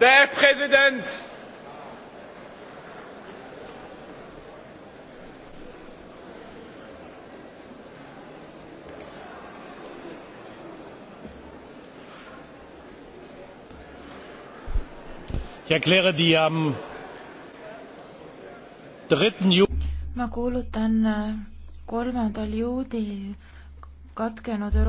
Der Präsident! Ich erkläre die am 3. Juli. ma kuulutan äh, kolmandal juulil katkenud Euroopa